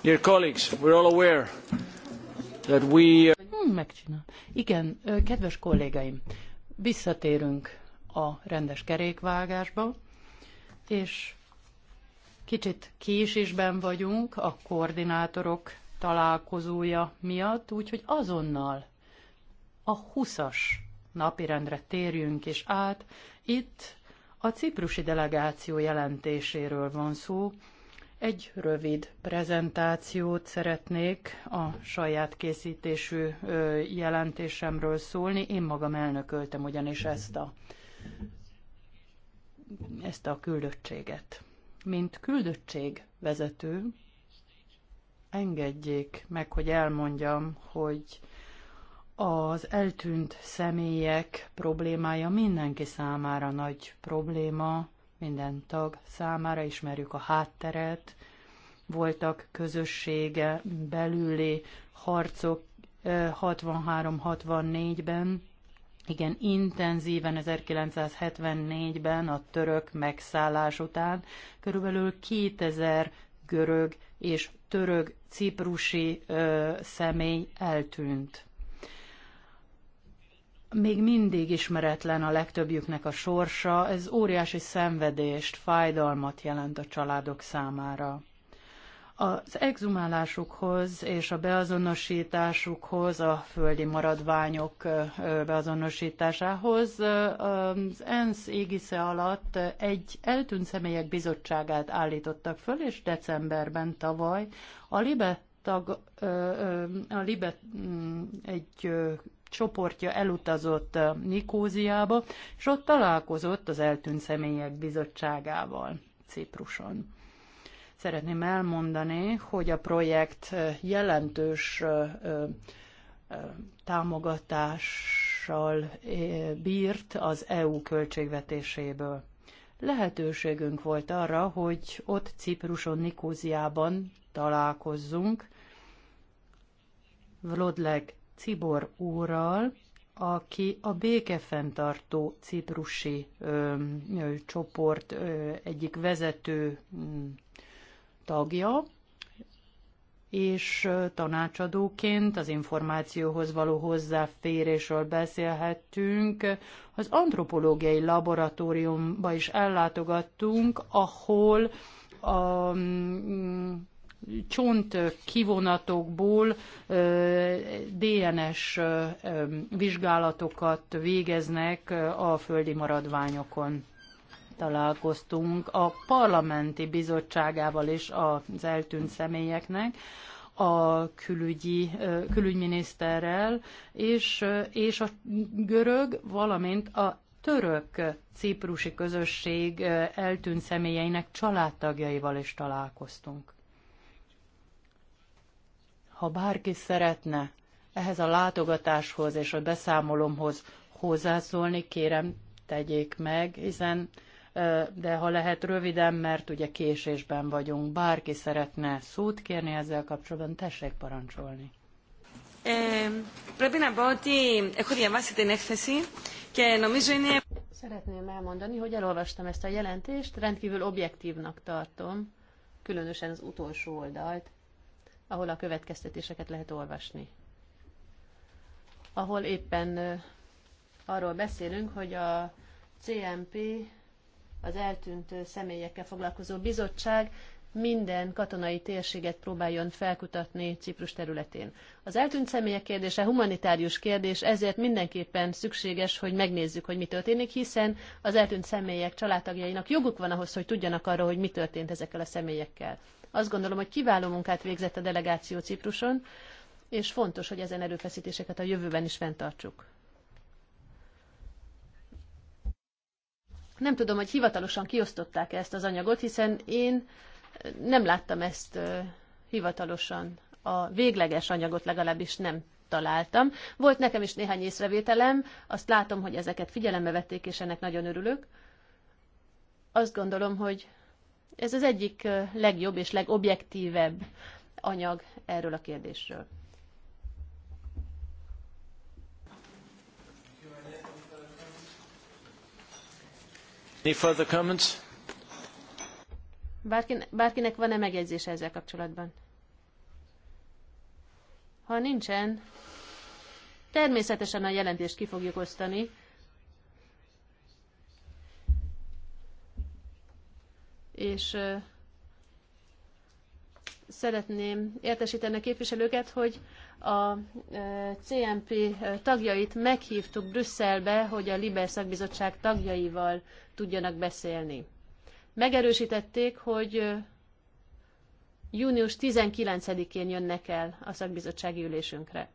Dear colleagues, we're all aware that we... Hm, megcsinál. Igen, kedves kollégáim, visszatérünk a rendes kerékvágásba, és kicsit késésben vagyunk a koordinátorok találkozója miatt, úgyhogy azonnal a 20-as napirendre térjünk is át. Itt a ciprusi delegáció jelentéséről van szó, egy rövid prezentációt szeretnék a saját készítésű jelentésemről szólni. Én magam elnököltem ugyanis ezt a, ezt a küldöttséget. Mint küldöttség vezető, engedjék meg, hogy elmondjam, hogy az eltűnt személyek problémája mindenki számára nagy probléma, minden tag számára, ismerjük a hátteret, voltak közössége belüli harcok 63-64-ben, igen, intenzíven 1974-ben a török megszállás után körülbelül 2000 görög és török ciprusi ö, személy eltűnt még mindig ismeretlen a legtöbbjüknek a sorsa, ez óriási szenvedést, fájdalmat jelent a családok számára. Az exhumálásukhoz és a beazonosításukhoz, a földi maradványok beazonosításához az ENSZ égisze alatt egy eltűnt személyek bizottságát állítottak föl, és decemberben tavaly a Libet tag, a libet mm, egy csoportja elutazott Nikóziába, és ott találkozott az eltűnt személyek bizottságával Cipruson. Szeretném elmondani, hogy a projekt jelentős támogatással bírt az EU költségvetéséből. Lehetőségünk volt arra, hogy ott Cipruson, Nikóziában találkozzunk, Vlodleg Cibor úrral, aki a békefenntartó ciprusi ö, ö, csoport ö, egyik vezető mm, tagja, és tanácsadóként az információhoz való hozzáférésről beszélhettünk. Az antropológiai laboratóriumba is ellátogattunk, ahol a mm, csont kivonatokból DNS vizsgálatokat végeznek a földi maradványokon találkoztunk a parlamenti bizottságával és az eltűnt személyeknek, a külügyi, külügyminiszterrel, és, és a görög, valamint a török ciprusi közösség eltűnt személyeinek családtagjaival is találkoztunk. Ha bárki szeretne ehhez a látogatáshoz és a beszámolomhoz hozzászólni, kérem, tegyék meg, hiszen de ha lehet röviden, mert ugye késésben vagyunk. Bárki szeretne szót kérni ezzel kapcsolatban, tessék parancsolni. Πρέπει να πω ότι έχω διαβάσει την έκθεση και νομίζω είναι... Szeretném elmondani, hogy elolvastam ezt a jelentést, rendkívül objektívnak tartom, különösen az utolsó oldalt ahol a következtetéseket lehet olvasni. Ahol éppen arról beszélünk, hogy a CMP, az eltűnt személyekkel foglalkozó bizottság minden katonai térséget próbáljon felkutatni Ciprus területén. Az eltűnt személyek kérdése humanitárius kérdés, ezért mindenképpen szükséges, hogy megnézzük, hogy mi történik, hiszen az eltűnt személyek családtagjainak joguk van ahhoz, hogy tudjanak arról, hogy mi történt ezekkel a személyekkel. Azt gondolom, hogy kiváló munkát végzett a delegáció Cipruson, és fontos, hogy ezen erőfeszítéseket a jövőben is fenntartsuk. Nem tudom, hogy hivatalosan kiosztották ezt az anyagot, hiszen én nem láttam ezt hivatalosan. A végleges anyagot legalábbis nem találtam. Volt nekem is néhány észrevételem, azt látom, hogy ezeket figyelembe vették, és ennek nagyon örülök. Azt gondolom, hogy ez az egyik legjobb és legobjektívebb anyag erről a kérdésről. Any further comments? Bárkin, bárkinek van-e megjegyzése ezzel kapcsolatban? Ha nincsen, természetesen a jelentést ki fogjuk osztani, és szeretném értesíteni a képviselőket, hogy a CMP tagjait meghívtuk Brüsszelbe, hogy a Liber szakbizottság tagjaival tudjanak beszélni. Megerősítették, hogy június 19-én jönnek el a szakbizottsági ülésünkre.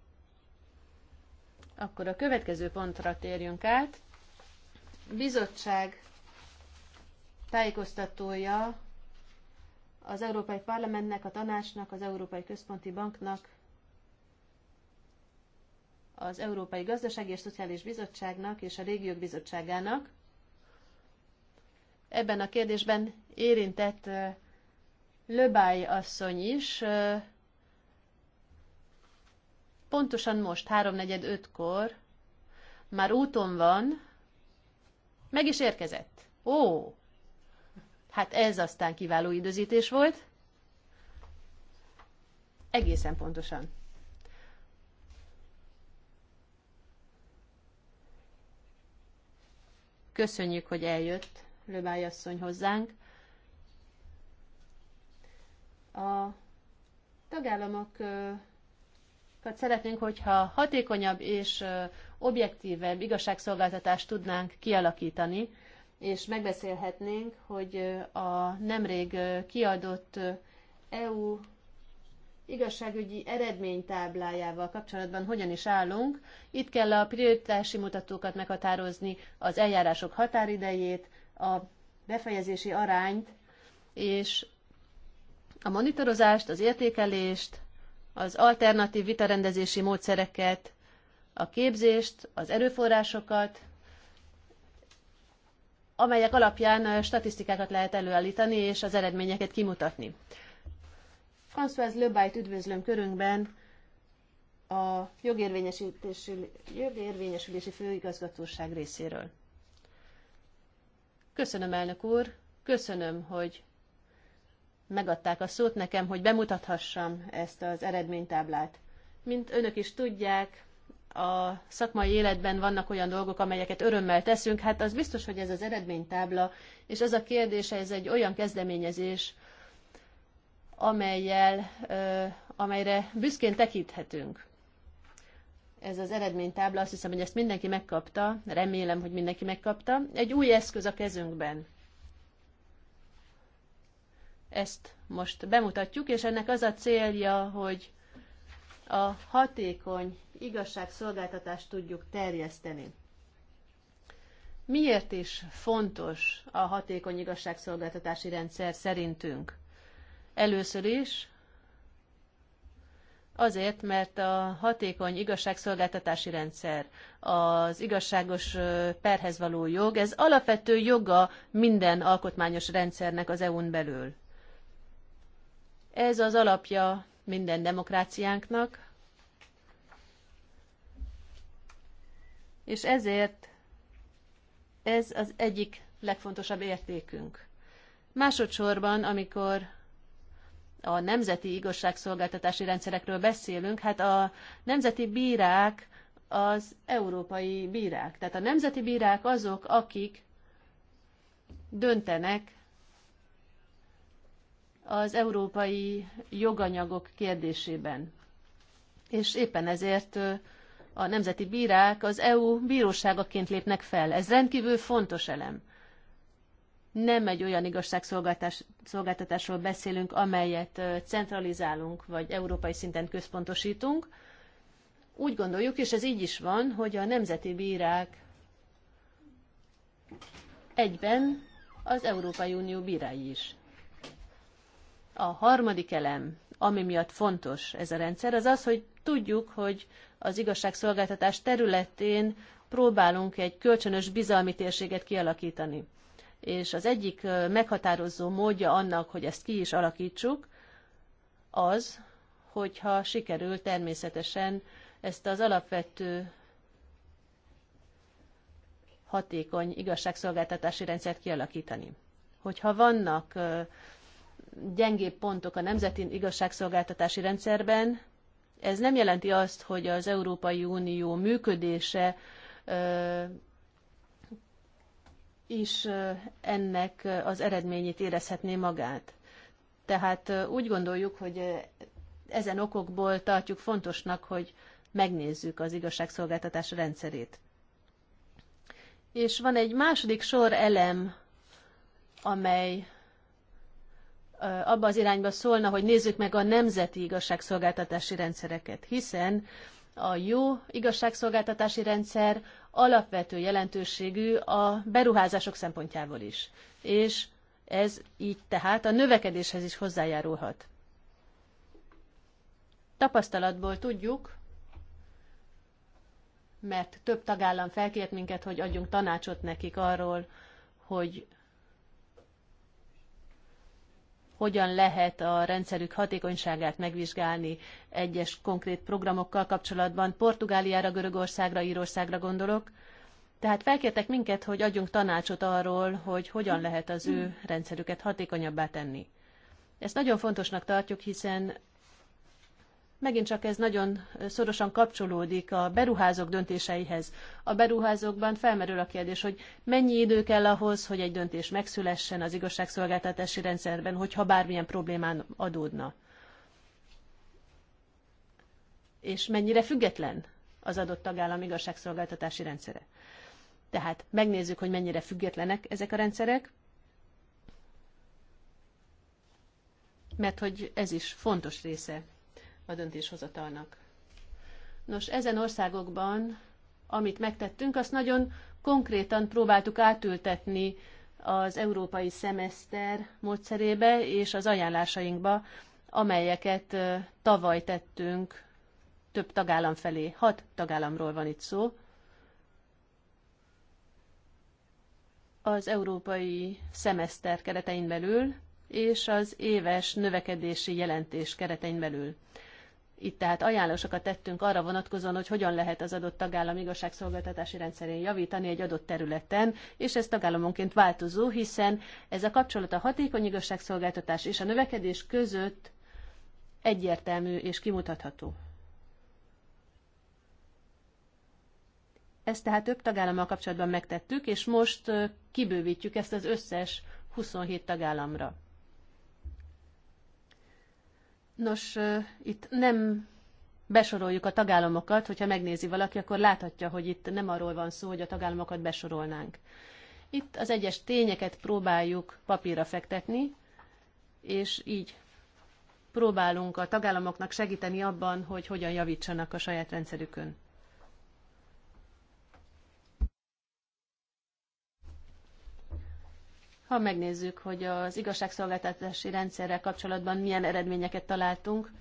Akkor a következő pontra térjünk át. Bizottság tájékoztatója az Európai Parlamentnek, a Tanácsnak, az Európai Központi Banknak, az Európai Gazdasági és Szociális Bizottságnak és a Régiók Bizottságának. Ebben a kérdésben érintett Löbály asszony is, pontosan most, 3.45-kor, már úton van, meg is érkezett. Ó, Hát ez aztán kiváló időzítés volt. Egészen pontosan. Köszönjük, hogy eljött Löbály asszony hozzánk. A tagállamokat hát szeretnénk, hogyha hatékonyabb és objektívebb igazságszolgáltatást tudnánk kialakítani, és megbeszélhetnénk, hogy a nemrég kiadott EU igazságügyi eredménytáblájával kapcsolatban hogyan is állunk. Itt kell a prioritási mutatókat meghatározni, az eljárások határidejét, a befejezési arányt, és a monitorozást, az értékelést, az alternatív vitarendezési módszereket, a képzést, az erőforrásokat, amelyek alapján statisztikákat lehet előállítani és az eredményeket kimutatni. François Löbájt üdvözlöm körünkben, a jogérvényesülési főigazgatóság részéről. Köszönöm, elnök úr, köszönöm, hogy megadták a szót nekem, hogy bemutathassam ezt az eredménytáblát. Mint önök is tudják, a szakmai életben vannak olyan dolgok, amelyeket örömmel teszünk, hát az biztos, hogy ez az eredménytábla, és az a kérdés, ez egy olyan kezdeményezés, amelyel, amelyre büszkén tekinthetünk. Ez az eredménytábla, azt hiszem, hogy ezt mindenki megkapta, remélem, hogy mindenki megkapta. Egy új eszköz a kezünkben. Ezt most bemutatjuk, és ennek az a célja, hogy a hatékony igazságszolgáltatást tudjuk terjeszteni. Miért is fontos a hatékony igazságszolgáltatási rendszer szerintünk? Először is Azért, mert a hatékony igazságszolgáltatási rendszer, az igazságos perhez való jog, ez alapvető joga minden alkotmányos rendszernek az EU-n belül. Ez az alapja minden demokráciánknak, és ezért ez az egyik legfontosabb értékünk. Másodszorban, amikor a nemzeti igazságszolgáltatási rendszerekről beszélünk, hát a nemzeti bírák az európai bírák. Tehát a nemzeti bírák azok, akik döntenek az európai joganyagok kérdésében. És éppen ezért a nemzeti bírák az EU bíróságaként lépnek fel. Ez rendkívül fontos elem. Nem egy olyan igazságszolgáltatásról beszélünk, amelyet centralizálunk, vagy európai szinten központosítunk. Úgy gondoljuk, és ez így is van, hogy a nemzeti bírák egyben az Európai Unió bírái is. A harmadik elem, ami miatt fontos ez a rendszer, az az, hogy tudjuk, hogy az igazságszolgáltatás területén próbálunk egy kölcsönös bizalmi térséget kialakítani. És az egyik meghatározó módja annak, hogy ezt ki is alakítsuk, az, hogyha sikerül természetesen ezt az alapvető hatékony igazságszolgáltatási rendszert kialakítani. Hogyha vannak gyengébb pontok a nemzeti igazságszolgáltatási rendszerben. Ez nem jelenti azt, hogy az Európai Unió működése is ennek az eredményét érezhetné magát. Tehát úgy gondoljuk, hogy ezen okokból tartjuk fontosnak, hogy megnézzük az igazságszolgáltatás rendszerét. És van egy második sor elem, amely abba az irányba szólna, hogy nézzük meg a nemzeti igazságszolgáltatási rendszereket, hiszen a jó igazságszolgáltatási rendszer alapvető jelentőségű a beruházások szempontjából is. És ez így tehát a növekedéshez is hozzájárulhat. Tapasztalatból tudjuk, mert több tagállam felkért minket, hogy adjunk tanácsot nekik arról, hogy hogyan lehet a rendszerük hatékonyságát megvizsgálni egyes konkrét programokkal kapcsolatban. Portugáliára, Görögországra, Írországra gondolok. Tehát felkértek minket, hogy adjunk tanácsot arról, hogy hogyan lehet az ő rendszerüket hatékonyabbá tenni. Ezt nagyon fontosnak tartjuk, hiszen Megint csak ez nagyon szorosan kapcsolódik a beruházók döntéseihez. A beruházókban felmerül a kérdés, hogy mennyi idő kell ahhoz, hogy egy döntés megszülessen az igazságszolgáltatási rendszerben, hogyha bármilyen problémán adódna. És mennyire független az adott tagállam igazságszolgáltatási rendszere. Tehát megnézzük, hogy mennyire függetlenek ezek a rendszerek, mert hogy ez is fontos része a döntéshozatalnak. Nos, ezen országokban, amit megtettünk, azt nagyon konkrétan próbáltuk átültetni az európai szemeszter módszerébe és az ajánlásainkba, amelyeket tavaly tettünk több tagállam felé. Hat tagállamról van itt szó. Az európai szemeszter keretein belül és az éves növekedési jelentés keretein belül. Itt tehát ajánlásokat tettünk arra vonatkozóan, hogy hogyan lehet az adott tagállam igazságszolgáltatási rendszerén javítani egy adott területen, és ez tagállamonként változó, hiszen ez a kapcsolat a hatékony igazságszolgáltatás és a növekedés között egyértelmű és kimutatható. Ezt tehát több tagállammal kapcsolatban megtettük, és most kibővítjük ezt az összes 27 tagállamra. Nos, itt nem besoroljuk a tagállamokat, hogyha megnézi valaki, akkor láthatja, hogy itt nem arról van szó, hogy a tagállamokat besorolnánk. Itt az egyes tényeket próbáljuk papírra fektetni, és így próbálunk a tagállamoknak segíteni abban, hogy hogyan javítsanak a saját rendszerükön. Ha megnézzük, hogy az igazságszolgáltatási rendszerrel kapcsolatban milyen eredményeket találtunk,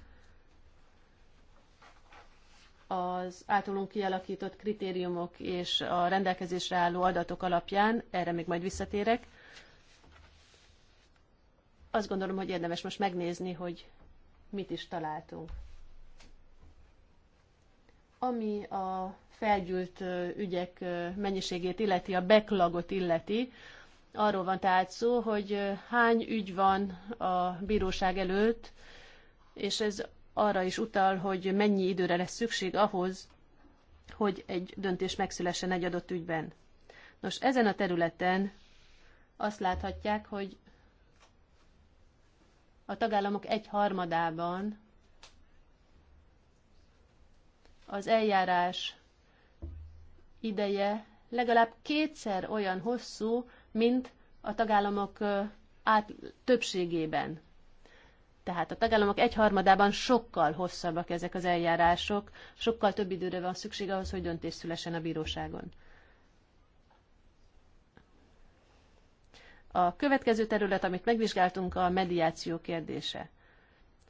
az általunk kialakított kritériumok és a rendelkezésre álló adatok alapján, erre még majd visszatérek, azt gondolom, hogy érdemes most megnézni, hogy mit is találtunk. Ami a felgyűlt ügyek mennyiségét illeti, a backlogot illeti, Arról van tehát szó, hogy hány ügy van a bíróság előtt, és ez arra is utal, hogy mennyi időre lesz szükség ahhoz, hogy egy döntés megszülessen egy adott ügyben. Nos, ezen a területen azt láthatják, hogy a tagállamok egy harmadában az eljárás ideje legalább kétszer olyan hosszú, mint a tagállamok át, többségében. Tehát a tagállamok egyharmadában sokkal hosszabbak ezek az eljárások, sokkal több időre van szükség ahhoz, hogy döntés szülessen a bíróságon. A következő terület, amit megvizsgáltunk, a mediáció kérdése.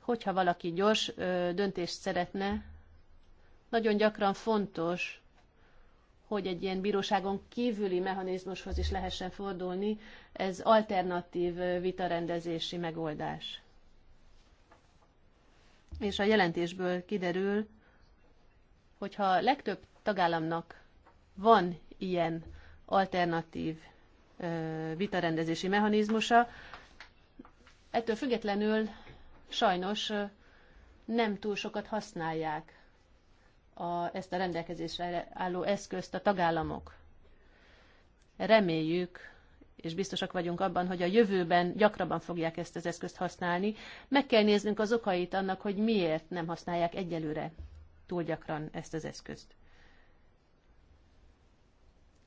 Hogyha valaki gyors ö, döntést szeretne, nagyon gyakran fontos hogy egy ilyen bíróságon kívüli mechanizmushoz is lehessen fordulni, ez alternatív vitarendezési megoldás. És a jelentésből kiderül, hogyha legtöbb tagállamnak van ilyen alternatív vitarendezési mechanizmusa, ettől függetlenül sajnos nem túl sokat használják a, ezt a rendelkezésre álló eszközt a tagállamok. Reméljük, és biztosak vagyunk abban, hogy a jövőben gyakrabban fogják ezt az eszközt használni. Meg kell néznünk az okait annak, hogy miért nem használják egyelőre túl gyakran ezt az eszközt.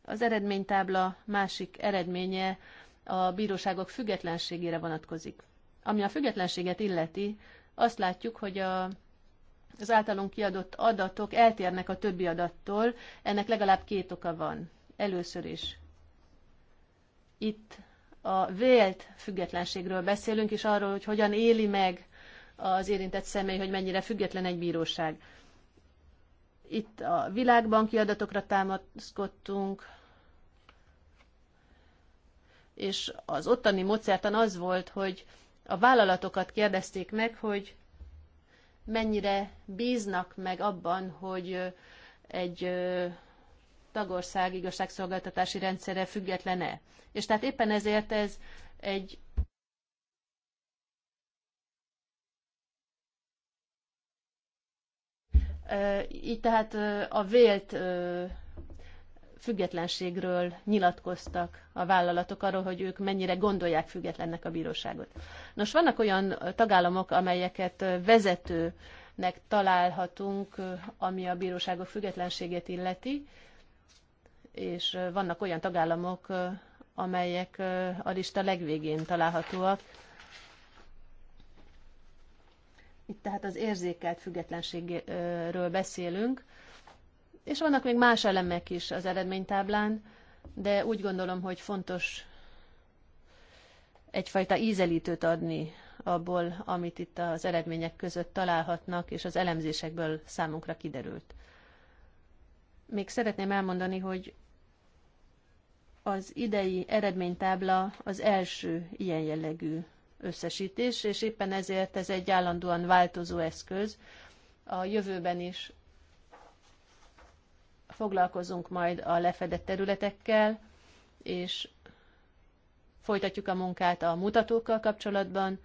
Az eredménytábla másik eredménye a bíróságok függetlenségére vonatkozik. Ami a függetlenséget illeti, azt látjuk, hogy a az általunk kiadott adatok eltérnek a többi adattól. Ennek legalább két oka van. Először is itt a vélt függetlenségről beszélünk, és arról, hogy hogyan éli meg az érintett személy, hogy mennyire független egy bíróság. Itt a világbanki adatokra támaszkodtunk, és az ottani módszertan az volt, hogy a vállalatokat kérdezték meg, hogy mennyire bíznak meg abban, hogy egy tagország igazságszolgáltatási rendszere függetlene. És tehát éppen ezért ez egy Így tehát a vélt függetlenségről nyilatkoztak a vállalatok arról, hogy ők mennyire gondolják függetlennek a bíróságot. Nos, vannak olyan tagállamok, amelyeket vezetőnek találhatunk, ami a bíróságok függetlenségét illeti, és vannak olyan tagállamok, amelyek a lista legvégén találhatóak. Itt tehát az érzékelt függetlenségről beszélünk és vannak még más elemek is az eredménytáblán, de úgy gondolom, hogy fontos egyfajta ízelítőt adni abból, amit itt az eredmények között találhatnak, és az elemzésekből számunkra kiderült. Még szeretném elmondani, hogy az idei eredménytábla az első ilyen jellegű összesítés, és éppen ezért ez egy állandóan változó eszköz. A jövőben is foglalkozunk majd a lefedett területekkel, és folytatjuk a munkát a mutatókkal kapcsolatban,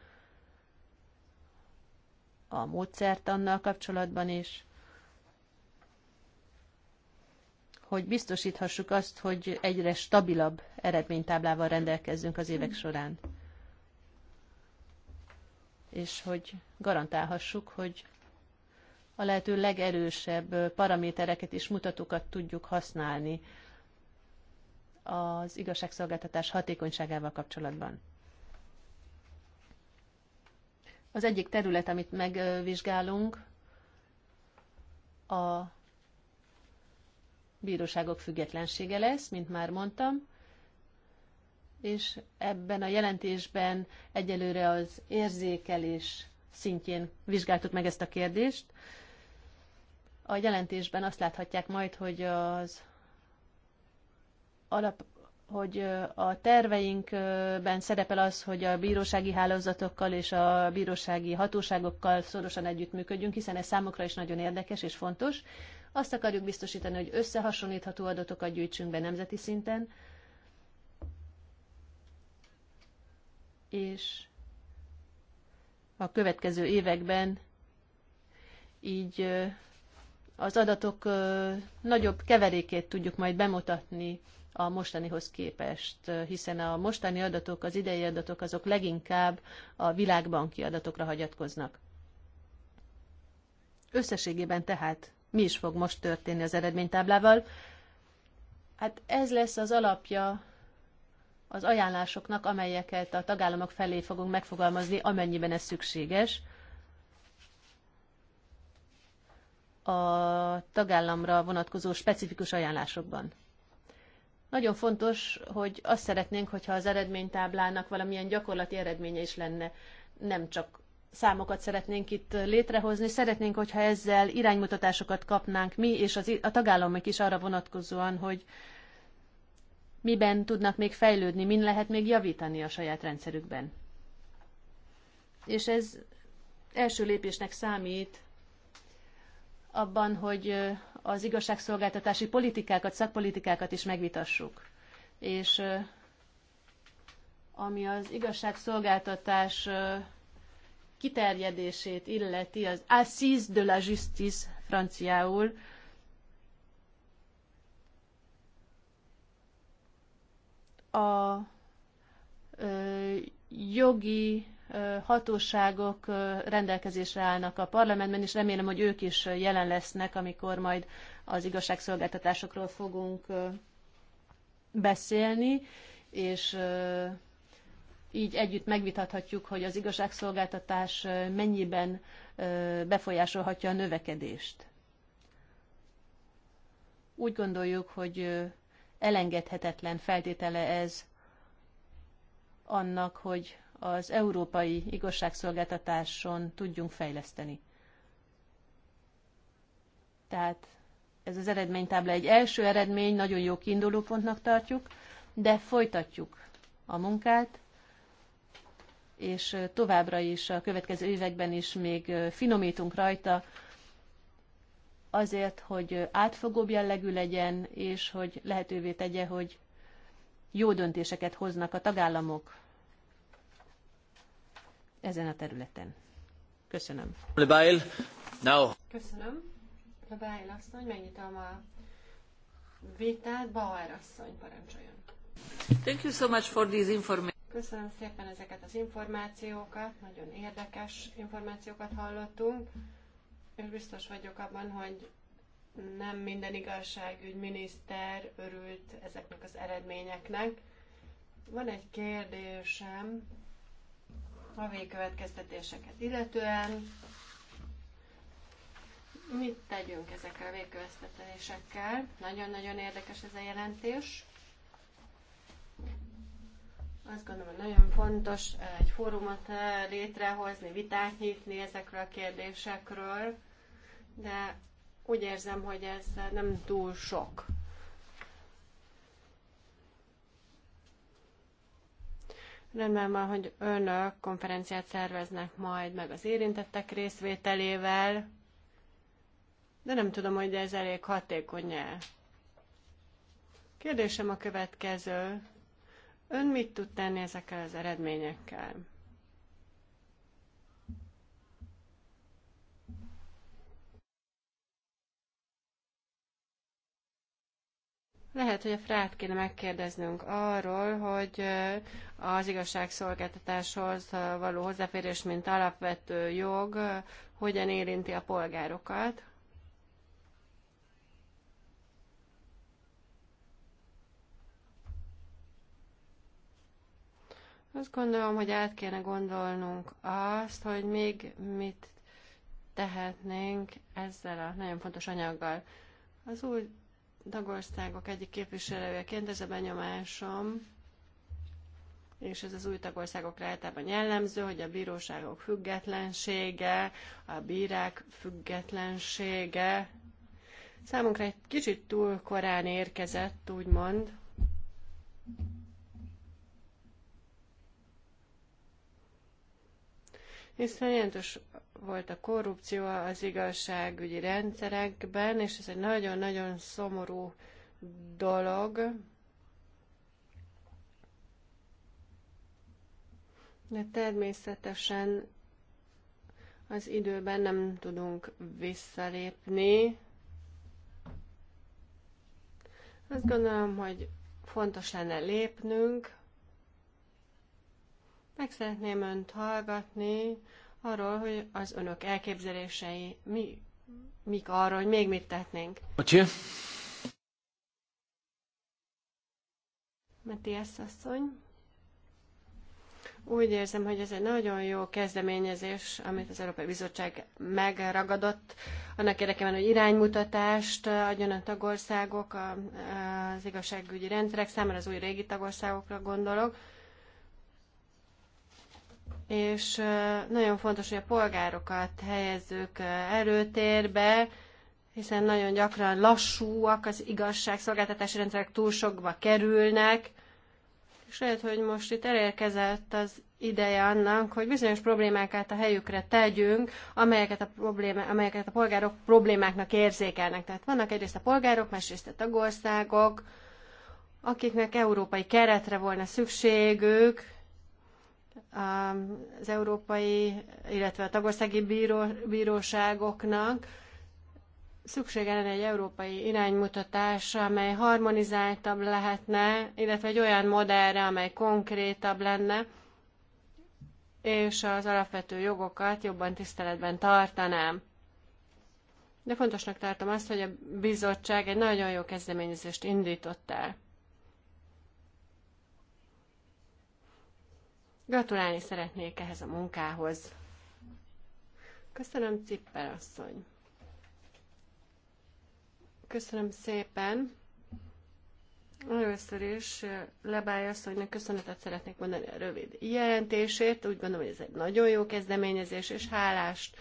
a módszertannal kapcsolatban is, hogy biztosíthassuk azt, hogy egyre stabilabb eredménytáblával rendelkezzünk az évek során. És hogy garantálhassuk, hogy a lehető legerősebb paramétereket és mutatókat tudjuk használni az igazságszolgáltatás hatékonyságával kapcsolatban. Az egyik terület, amit megvizsgálunk, a bíróságok függetlensége lesz, mint már mondtam, és ebben a jelentésben egyelőre az érzékelés szintjén vizsgáltuk meg ezt a kérdést. A jelentésben azt láthatják majd, hogy az alap, hogy a terveinkben szerepel az, hogy a bírósági hálózatokkal és a bírósági hatóságokkal szorosan együttműködjünk, hiszen ez számokra is nagyon érdekes és fontos. Azt akarjuk biztosítani, hogy összehasonlítható adatokat gyűjtsünk be nemzeti szinten, és a következő években így az adatok nagyobb keverékét tudjuk majd bemutatni a mostanihoz képest, hiszen a mostani adatok, az idei adatok azok leginkább a világbanki adatokra hagyatkoznak. Összességében tehát mi is fog most történni az eredménytáblával? Hát ez lesz az alapja az ajánlásoknak, amelyeket a tagállamok felé fogunk megfogalmazni, amennyiben ez szükséges, a tagállamra vonatkozó specifikus ajánlásokban. Nagyon fontos, hogy azt szeretnénk, hogyha az eredménytáblának valamilyen gyakorlati eredménye is lenne, nem csak számokat szeretnénk itt létrehozni. Szeretnénk, hogyha ezzel iránymutatásokat kapnánk mi és az, a tagállamok is arra vonatkozóan, hogy miben tudnak még fejlődni, min lehet még javítani a saját rendszerükben. És ez első lépésnek számít abban, hogy az igazságszolgáltatási politikákat, szakpolitikákat is megvitassuk. És ami az igazságszolgáltatás kiterjedését illeti, az Assise de la Justice franciául, a ö, jogi hatóságok rendelkezésre állnak a parlamentben, és remélem, hogy ők is jelen lesznek, amikor majd az igazságszolgáltatásokról fogunk beszélni, és így együtt megvitathatjuk, hogy az igazságszolgáltatás mennyiben befolyásolhatja a növekedést. Úgy gondoljuk, hogy elengedhetetlen feltétele ez annak, hogy az európai igazságszolgáltatáson tudjunk fejleszteni. Tehát ez az eredménytábla egy első eredmény, nagyon jó kiindulópontnak tartjuk, de folytatjuk a munkát, és továbbra is a következő években is még finomítunk rajta, azért, hogy átfogóbb jellegű legyen, és hogy lehetővé tegye, hogy jó döntéseket hoznak a tagállamok ezen a területen. Köszönöm. Köszönöm. Lebail asszony, megnyitom a vitát. Bauer asszony, parancsoljon. Thank you so much for this information. Köszönöm szépen ezeket az információkat, nagyon érdekes információkat hallottunk, és biztos vagyok abban, hogy nem minden igazságügyminiszter örült ezeknek az eredményeknek. Van egy kérdésem a végkövetkeztetéseket illetően. Mit tegyünk ezekkel a végkövetkeztetésekkel? Nagyon-nagyon érdekes ez a jelentés. Azt gondolom, hogy nagyon fontos eh, egy fórumot eh, létrehozni, vitát nyitni ezekről a kérdésekről, de úgy érzem, hogy ez eh, nem túl sok. Rendben van, hogy önök konferenciát szerveznek majd meg az érintettek részvételével, de nem tudom, hogy ez elég hatékony-e. Kérdésem a következő. Ön mit tud tenni ezekkel az eredményekkel? Lehet, hogy a frát kéne megkérdeznünk arról, hogy az igazságszolgáltatáshoz való hozzáférés, mint alapvető jog, hogyan érinti a polgárokat. Azt gondolom, hogy át kéne gondolnunk azt, hogy még mit tehetnénk ezzel a nagyon fontos anyaggal. Az új tagországok egyik képviselőjeként ez a benyomásom, és ez az új tagországokra általában jellemző, hogy a bíróságok függetlensége, a bírák függetlensége számunkra egy kicsit túl korán érkezett, úgymond. Hiszen jelentős volt a korrupció az igazságügyi rendszerekben, és ez egy nagyon-nagyon szomorú dolog. De természetesen az időben nem tudunk visszalépni. Azt gondolom, hogy fontos lenne lépnünk. Meg szeretném Önt hallgatni arról, hogy az önök elképzelései mi, mik arra, hogy még mit tehetnénk. Bocsi. Matthias asszony. Úgy érzem, hogy ez egy nagyon jó kezdeményezés, amit az Európai Bizottság megragadott, annak érdekében, hogy iránymutatást adjon a tagországok az igazságügyi rendszerek számára, az új régi tagországokra gondolok, és nagyon fontos, hogy a polgárokat helyezzük erőtérbe, hiszen nagyon gyakran lassúak az igazságszolgáltatási rendszerek, túl sokba kerülnek, és lehet, hogy most itt elérkezett az ideje annak, hogy bizonyos problémákat a helyükre tegyünk, amelyeket a, probléma, amelyeket a polgárok problémáknak érzékelnek. Tehát vannak egyrészt a polgárok, másrészt a tagországok, akiknek európai keretre volna szükségük, az európai, illetve a tagországi bíró, bíróságoknak szüksége lenne egy európai iránymutatásra, amely harmonizáltabb lehetne, illetve egy olyan modellre, amely konkrétabb lenne, és az alapvető jogokat jobban tiszteletben tartanám. De fontosnak tartom azt, hogy a bizottság egy nagyon jó kezdeményezést indított el. Gratulálni szeretnék ehhez a munkához. Köszönöm, Cipper asszony. Köszönöm szépen. Először is eh, Lebály asszonynak köszönetet szeretnék mondani a rövid jelentését. Úgy gondolom, hogy ez egy nagyon jó kezdeményezés, és hálást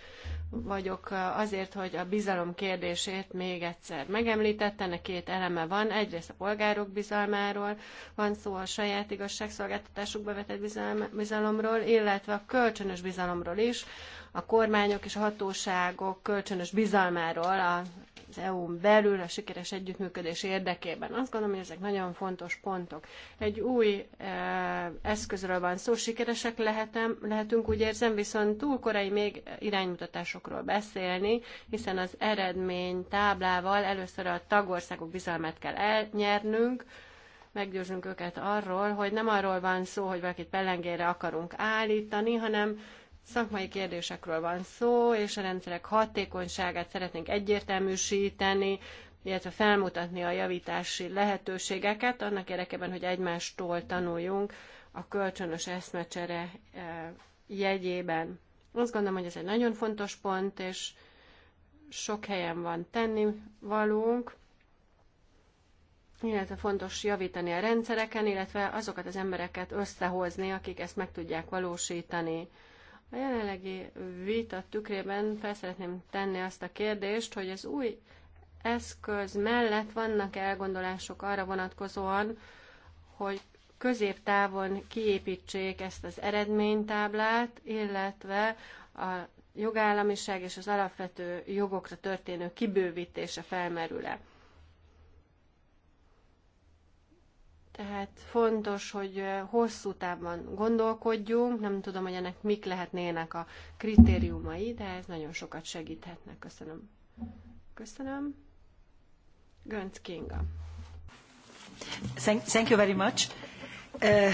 vagyok eh, azért, hogy a bizalom kérdését még egyszer megemlítette. Ennek két eleme van. Egyrészt a polgárok bizalmáról van szó, a saját igazságszolgáltatásukba vetett bizalomról, illetve a kölcsönös bizalomról is, a kormányok és a hatóságok kölcsönös bizalmáról az EU-n belül a sikeres együttműködés érdekében. Azt gondolom, hogy ezek nagyon fontos pontok. Egy új e, eszközről van szó, sikeresek lehetem, lehetünk, úgy érzem, viszont túl korai még iránymutatásokról beszélni, hiszen az eredmény táblával először a tagországok bizalmát kell elnyernünk, meggyőznünk őket arról, hogy nem arról van szó, hogy valakit pellengére akarunk állítani, hanem Szakmai kérdésekről van szó, és a rendszerek hatékonyságát szeretnénk egyértelműsíteni, illetve felmutatni a javítási lehetőségeket, annak érdekében, hogy egymástól tanuljunk a kölcsönös eszmecsere eh, jegyében. Azt gondolom, hogy ez egy nagyon fontos pont, és sok helyen van tenni valunk, illetve fontos javítani a rendszereken, illetve azokat az embereket összehozni, akik ezt meg tudják valósítani. A jelenlegi vita tükrében felszeretném tenni azt a kérdést, hogy az új eszköz mellett vannak elgondolások arra vonatkozóan, hogy középtávon kiépítsék ezt az eredménytáblát, illetve a jogállamiság és az alapvető jogokra történő kibővítése felmerül-e. Tehát fontos, hogy hosszú távon gondolkodjunk, nem tudom, hogy ennek mik lehetnének a kritériumai, de ez nagyon sokat segíthetne. Köszönöm. Köszönöm. Gönc Kinga. Thank, thank you very much. Uh...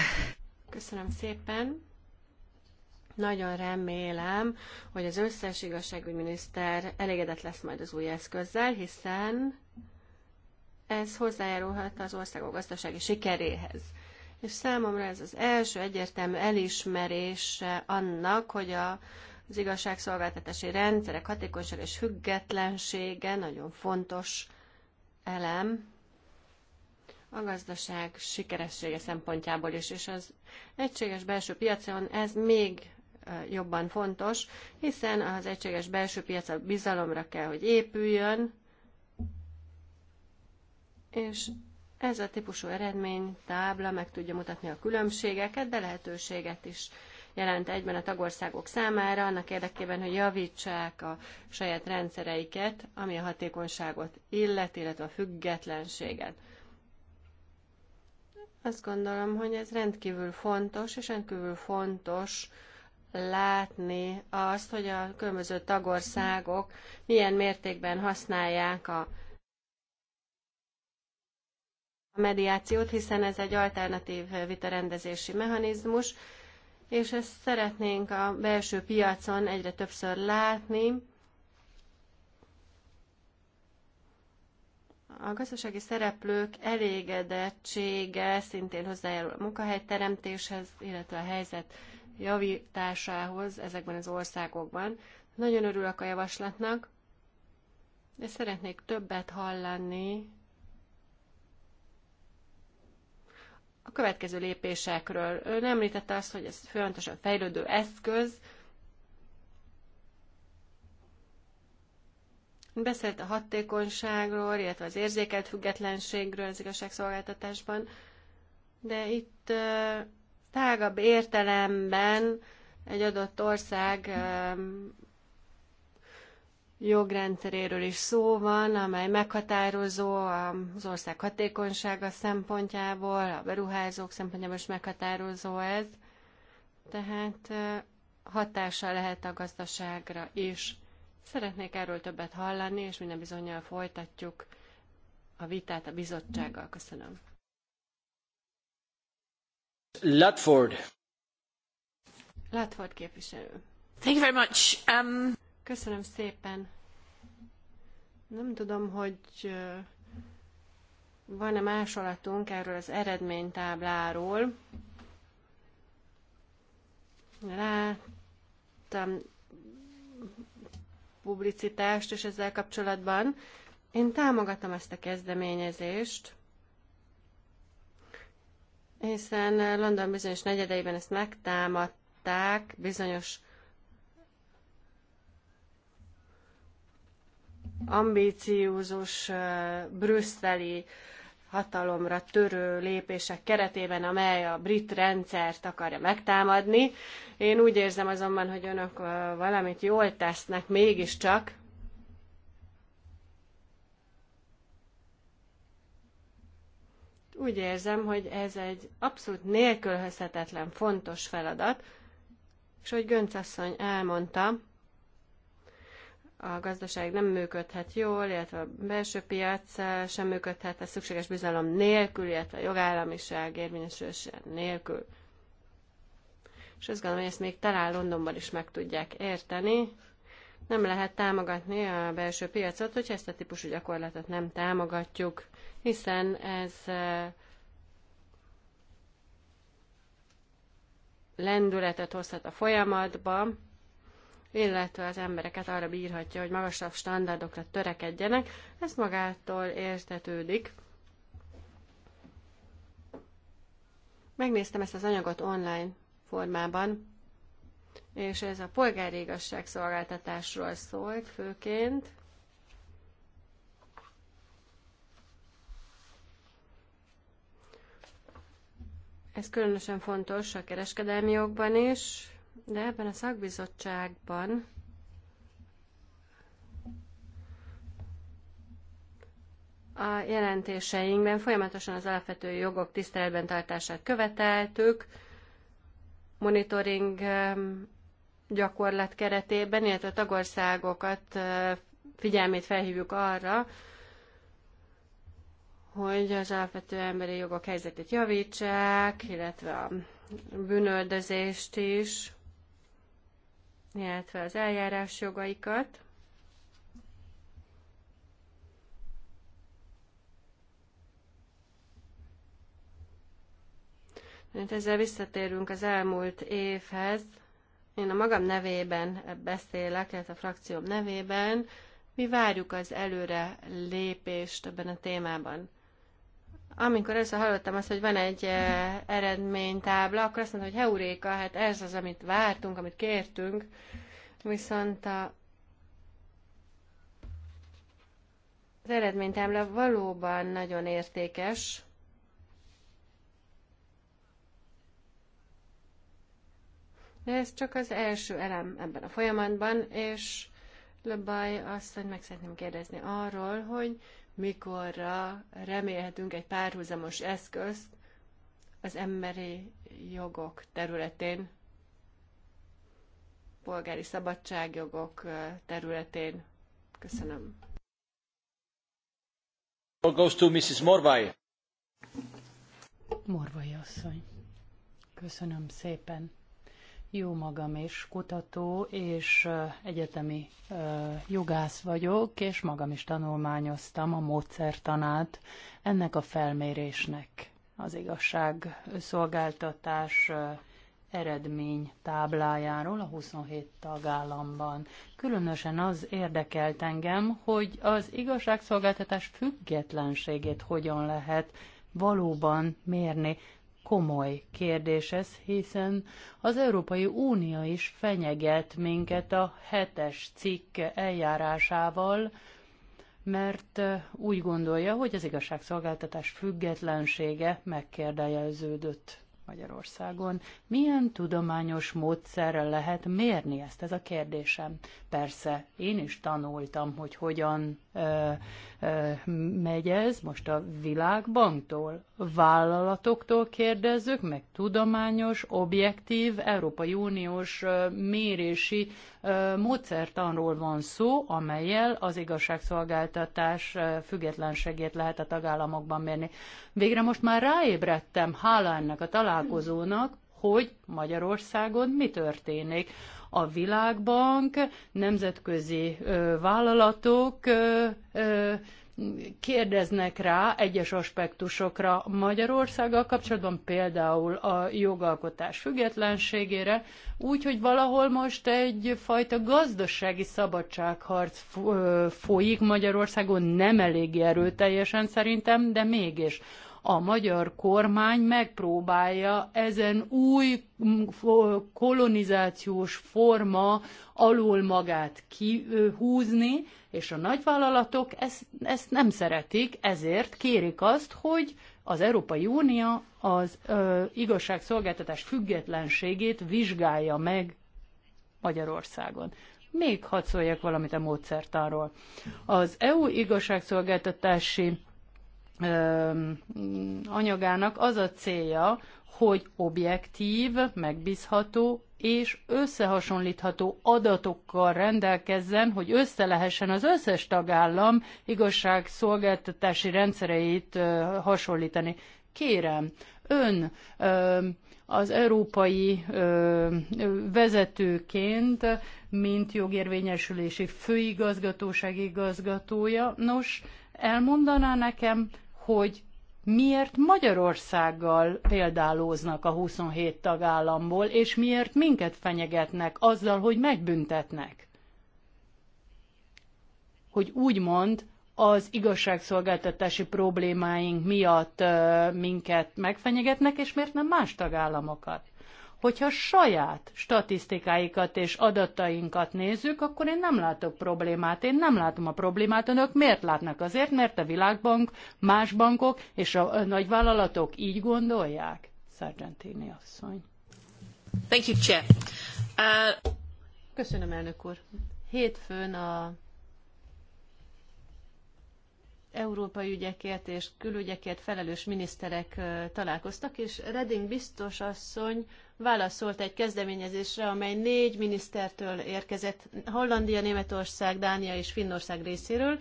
Köszönöm szépen. Nagyon remélem, hogy az összes igazságügyminiszter elégedett lesz majd az új eszközzel, hiszen ez hozzájárulhat az országok gazdasági sikeréhez. És számomra ez az első egyértelmű elismerése annak, hogy a, az igazságszolgáltatási rendszerek hatékonyság és függetlensége nagyon fontos elem a gazdaság sikeressége szempontjából is, és az egységes belső piacon ez még jobban fontos, hiszen az egységes belső piac a bizalomra kell, hogy épüljön, és ez a típusú eredmény tábla meg tudja mutatni a különbségeket, de lehetőséget is jelent egyben a tagországok számára, annak érdekében, hogy javítsák a saját rendszereiket, ami a hatékonyságot illet, illetve a függetlenséget. Azt gondolom, hogy ez rendkívül fontos, és rendkívül fontos látni azt, hogy a különböző tagországok milyen mértékben használják a a mediációt, hiszen ez egy alternatív vitarendezési mechanizmus, és ezt szeretnénk a belső piacon egyre többször látni. A gazdasági szereplők elégedettsége szintén hozzájárul a munkahelyteremtéshez, illetve a helyzet javításához ezekben az országokban. Nagyon örülök a javaslatnak, de szeretnék többet hallani a következő lépésekről. Ön említette azt, hogy ez folyamatosan fejlődő eszköz. Beszélt a hatékonyságról, illetve az érzékelt függetlenségről az igazságszolgáltatásban, de itt tágabb értelemben egy adott ország jogrendszeréről is szó van, amely meghatározó az ország hatékonysága szempontjából, a beruházók szempontjából is meghatározó ez, tehát hatással lehet a gazdaságra is. Szeretnék erről többet hallani, és minden bizonyal folytatjuk a vitát a bizottsággal. Köszönöm. Latford. Latford képviselő. Thank you very much. Um... Köszönöm szépen. Nem tudom, hogy van-e másolatunk erről az eredménytábláról. Láttam publicitást is ezzel kapcsolatban. Én támogatom ezt a kezdeményezést, hiszen London bizonyos negyedeiben ezt megtámadták, bizonyos ambíciózus brüsszeli hatalomra törő lépések keretében, amely a brit rendszert akarja megtámadni. Én úgy érzem azonban, hogy önök valamit jól tesznek mégiscsak, úgy érzem, hogy ez egy abszolút nélkülözhetetlen fontos feladat, és hogy Gönc asszony elmondta, a gazdaság nem működhet jól, illetve a belső piac eh, sem működhet a szükséges bizalom nélkül, illetve a jogállamiság érvényesülése nélkül. És azt gondolom, hogy ezt még talán Londonban is meg tudják érteni. Nem lehet támogatni a belső piacot, hogyha ezt a típusú gyakorlatot nem támogatjuk, hiszen ez eh, lendületet hozhat a folyamatba, illetve az embereket arra bírhatja, hogy magasabb standardokra törekedjenek. Ez magától értetődik. Megnéztem ezt az anyagot online formában, és ez a polgári igazságszolgáltatásról szólt főként. Ez különösen fontos a kereskedelmi jogban is, de ebben a szakbizottságban a jelentéseinkben folyamatosan az alapvető jogok tiszteletben tartását követeltük, monitoring gyakorlat keretében, illetve a tagországokat figyelmét felhívjuk arra, hogy az alapvető emberi jogok helyzetét javítsák, illetve a bűnöldözést is illetve az eljárás jogaikat. Mert hát ezzel visszatérünk az elmúlt évhez. Én a magam nevében beszélek, illetve a frakcióm nevében. Mi várjuk az előre lépést ebben a témában. Amikor először hallottam azt, hogy van egy eh, eredménytábla, akkor azt mondtam, hogy heuréka, hát ez az, amit vártunk, amit kértünk, viszont a, az eredménytábla valóban nagyon értékes, De ez csak az első elem ebben a folyamatban, és Lebaj azt, hogy meg szeretném kérdezni arról, hogy mikorra remélhetünk egy párhuzamos eszközt az emberi jogok területén, polgári szabadságjogok területén. Köszönöm. Goes to Mrs. Morvai. Morvai asszony. Köszönöm szépen. Jó magam is kutató és egyetemi jogász vagyok, és magam is tanulmányoztam a módszertanát ennek a felmérésnek az igazság szolgáltatás eredmény táblájáról a 27 tagállamban. Különösen az érdekelt engem, hogy az igazságszolgáltatás függetlenségét hogyan lehet valóban mérni komoly kérdés ez, hiszen az Európai Unió is fenyeget minket a hetes cikk eljárásával, mert úgy gondolja, hogy az igazságszolgáltatás függetlensége megkérdejelződött. Magyarországon. Milyen tudományos módszerrel lehet mérni ezt? Ez a kérdésem. Persze, én is tanultam, hogy hogyan ö, ö, megy ez most a világbanktól, vállalatoktól kérdezzük, meg tudományos, objektív, Európai Uniós ö, mérési ö, módszertanról van szó, amelyel az igazságszolgáltatás ö, függetlenségét lehet a tagállamokban mérni. Végre most már ráébredtem, hála ennek a találkozásnak, találkozónak, hogy Magyarországon mi történik. A Világbank, nemzetközi ö, vállalatok ö, ö, kérdeznek rá egyes aspektusokra Magyarországgal kapcsolatban, például a jogalkotás függetlenségére, úgyhogy valahol most egyfajta gazdasági szabadságharc folyik Magyarországon, nem elég erőteljesen szerintem, de mégis a magyar kormány megpróbálja ezen új kolonizációs forma alól magát kihúzni, és a nagyvállalatok ezt, ezt nem szeretik, ezért kérik azt, hogy az Európai Unió az ö, igazságszolgáltatás függetlenségét vizsgálja meg Magyarországon. Még hadd szóljak valamit a módszertáról. Az EU igazságszolgáltatási anyagának az a célja, hogy objektív, megbízható és összehasonlítható adatokkal rendelkezzen, hogy össze lehessen az összes tagállam igazságszolgáltatási rendszereit hasonlítani. Kérem, ön az európai vezetőként, mint jogérvényesülési főigazgatóság igazgatója, nos, elmondaná nekem, hogy miért Magyarországgal példálóznak a 27 tagállamból, és miért minket fenyegetnek azzal, hogy megbüntetnek. Hogy úgymond az igazságszolgáltatási problémáink miatt minket megfenyegetnek, és miért nem más tagállamokat. Hogyha saját statisztikáikat és adatainkat nézzük, akkor én nem látok problémát. Én nem látom a problémát. Önök miért látnak? Azért, mert a világbank, más bankok és a nagyvállalatok így gondolják? Sargentini asszony. Thank you, Chair. Uh... Köszönöm, elnök úr. Hétfőn a európai ügyekért és külügyekért felelős miniszterek találkoztak, és Reding biztos asszony válaszolt egy kezdeményezésre, amely négy minisztertől érkezett Hollandia, Németország, Dánia és Finnország részéről,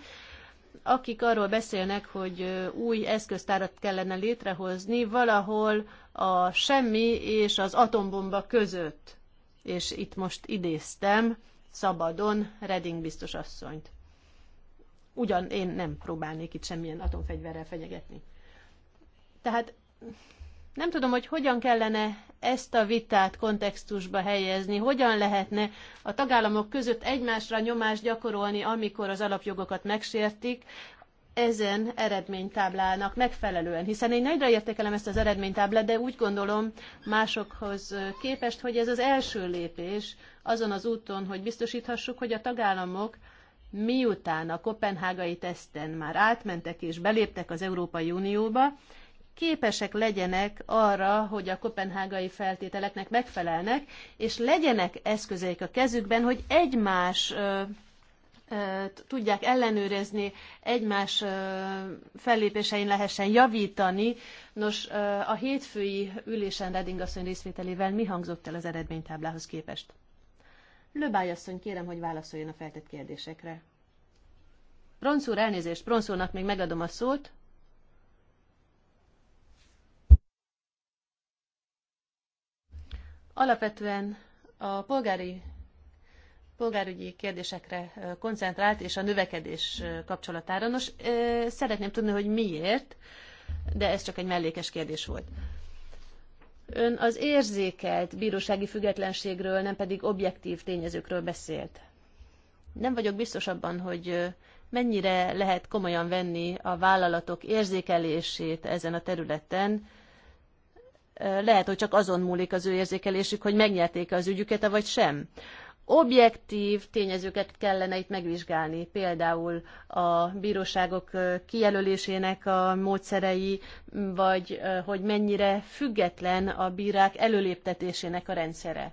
akik arról beszélnek, hogy új eszköztárat kellene létrehozni valahol a semmi és az atombomba között. És itt most idéztem szabadon Reding biztos asszonyt. Ugyan én nem próbálnék itt semmilyen atomfegyverrel fenyegetni. Tehát nem tudom, hogy hogyan kellene ezt a vitát kontextusba helyezni, hogyan lehetne a tagállamok között egymásra nyomást gyakorolni, amikor az alapjogokat megsértik, ezen eredménytáblának megfelelően, hiszen én nagyra értékelem ezt az eredménytáblát, de úgy gondolom másokhoz képest, hogy ez az első lépés azon az úton, hogy biztosíthassuk, hogy a tagállamok miután a kopenhágai teszten már átmentek és beléptek az Európai Unióba, képesek legyenek arra, hogy a kopenhágai feltételeknek megfelelnek, és legyenek eszközeik a kezükben, hogy egymás ö, ö, tudják ellenőrizni, egymás ö, fellépésein lehessen javítani. Nos, ö, a hétfői ülésen Reding asszony részvételével mi hangzott el az eredménytáblához képest? Löbály asszony, kérem, hogy válaszoljon a feltett kérdésekre. Bronz úr, elnézést, Bronz úrnak még megadom a szót. Alapvetően a polgári, polgárügyi kérdésekre koncentrált és a növekedés kapcsolatára. Nos, szeretném tudni, hogy miért, de ez csak egy mellékes kérdés volt. Ön az érzékelt bírósági függetlenségről, nem pedig objektív tényezőkről beszélt. Nem vagyok biztos abban, hogy mennyire lehet komolyan venni a vállalatok érzékelését ezen a területen. Lehet, hogy csak azon múlik az ő érzékelésük, hogy megnyerték az ügyüket, vagy sem objektív tényezőket kellene itt megvizsgálni, például a bíróságok kijelölésének a módszerei, vagy hogy mennyire független a bírák előléptetésének a rendszere.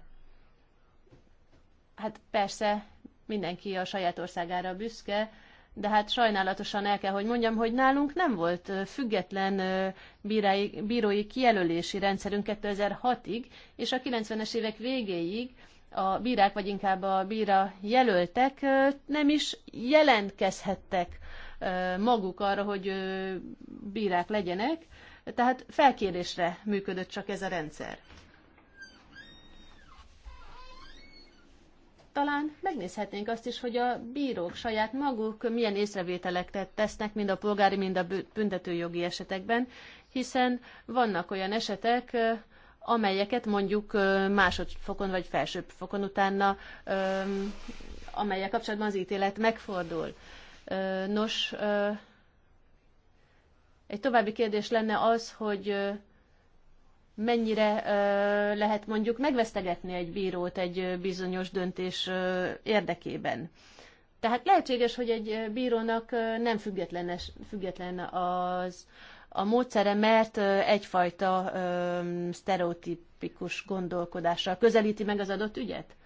Hát persze mindenki a saját országára büszke, de hát sajnálatosan el kell, hogy mondjam, hogy nálunk nem volt független bírái, bírói kijelölési rendszerünk 2006-ig, és a 90-es évek végéig a bírák, vagy inkább a bíra jelöltek nem is jelentkezhettek maguk arra, hogy bírák legyenek, tehát felkérésre működött csak ez a rendszer. Talán megnézhetnénk azt is, hogy a bírók saját maguk milyen észrevételeket tesznek, mind a polgári, mind a büntetőjogi esetekben, hiszen vannak olyan esetek, amelyeket mondjuk másodfokon vagy felsőbb fokon utána, amelyek kapcsolatban az ítélet megfordul. Nos, egy további kérdés lenne az, hogy mennyire lehet mondjuk megvesztegetni egy bírót egy bizonyos döntés érdekében. Tehát lehetséges, hogy egy bírónak nem függetlenes, független az a módszere, mert egyfajta sztereotipikus gondolkodással közelíti meg az adott ügyet?